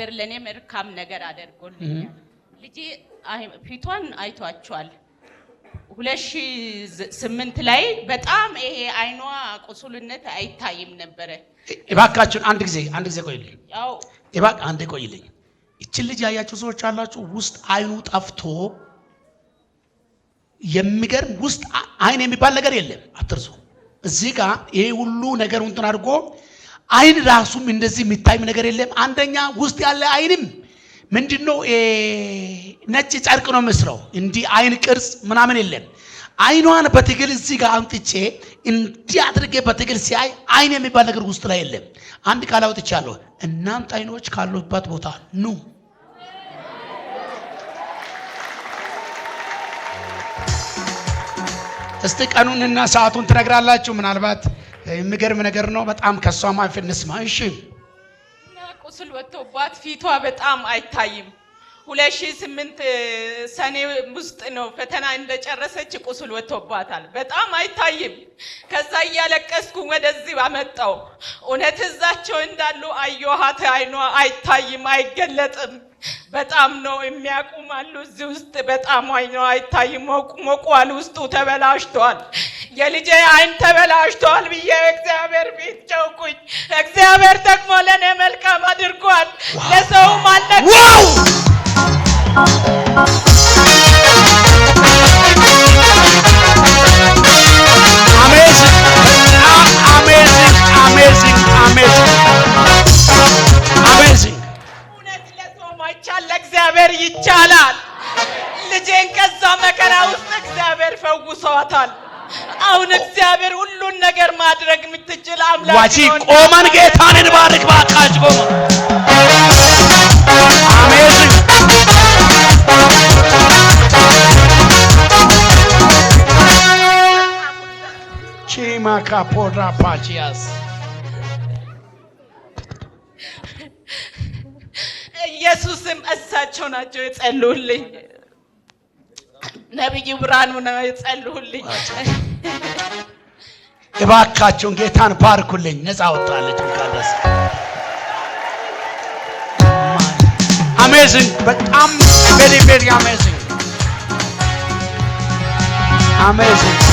እግዚአብሔር ለእኔ መልካም ነገር አደርጎልኛል። ልጄ ፊቷን አይቷቸዋል። ሁለት ሺህ ስምንት ላይ በጣም ይሄ አይኗ ቁስልነት አይታይም ነበረ። እባካችሁን አንድ ጊዜ አንድ ጊዜ ቆይልኝ፣ እባ አንድ ቆይልኝ። ይችን ልጅ ያያቸው ሰዎች አላችሁ። ውስጥ አይኑ ጠፍቶ የሚገርም ውስጥ አይን የሚባል ነገር የለም። አትርሱ። እዚህ ጋር ይሄ ሁሉ ነገር እንትን አድርጎ አይን ራሱም እንደዚህ የሚታይም ነገር የለም። አንደኛ ውስጥ ያለ አይንም ምንድነው ነጭ ጨርቅ ነው መስለው እንዲህ አይን ቅርጽ ምናምን የለም። አይኗን በትግል እዚህ ጋር አምጥቼ እንዲህ አድርጌ በትግል ሲያይ አይን የሚባል ነገር ውስጥ ላይ የለም። አንድ ቃል አውጥቻለሁ። እናንተ አይኖች ካሉበት ቦታ ኑ። እስቲ ቀኑንና ሰዓቱን ትነግራላችሁ ምናልባት የሚገርም ነገር ነው። በጣም ከሷ ማፍ እንስማ። እሺ ቁስል ወጥቶባት ፊቷ በጣም አይታይም። ሁለት ሺህ ስምንት ሰኔ ውስጥ ነው ፈተና እንደጨረሰች ቁስል ወጥቶባታል። በጣም አይታይም። ከዛ እያለቀስኩ ወደዚህ አመጣው። እውነት እዛቸው እንዳሉ አየኋት። አይኗ አይታይም፣ አይገለጥም። በጣም ነው የሚያቁም አሉ እዚህ ውስጥ በጣም አይኗ አይታይም። ሞቋል፣ ውስጡ ተበላሽቷል። የልጄ አይን ተበላሽቷል ብዬ እግዚአብሔር ፊት ጨውኩኝ። እግዚአብሔር ደግሞ ለእኔ መልካም አድርጓል። ለሰውም እውነት ይቻላል። ልጄን ከዛ መከራ ውስጥ እግዚአብሔር ፈውሰዋታል። አሁን እግዚአብሔር ሁሉን ነገር ማድረግ የምትችል አምላክ ዋጂ ቆመን ጌታን እንባርክ። ባካችሁ ቆመ ቺማ ካፖራ ፓቺያስ ኢየሱስም እሳቸው ናቸው የጸሉልኝ ነቢይ ብርሃኑ ነው የጸልሁልኝ። እባካችሁን ጌታን ባርኩልኝ። ነፃ ወጣለች ካደስ አሜዝን በጣም ቬሪ ቬሪ አሜዝን አሜዝን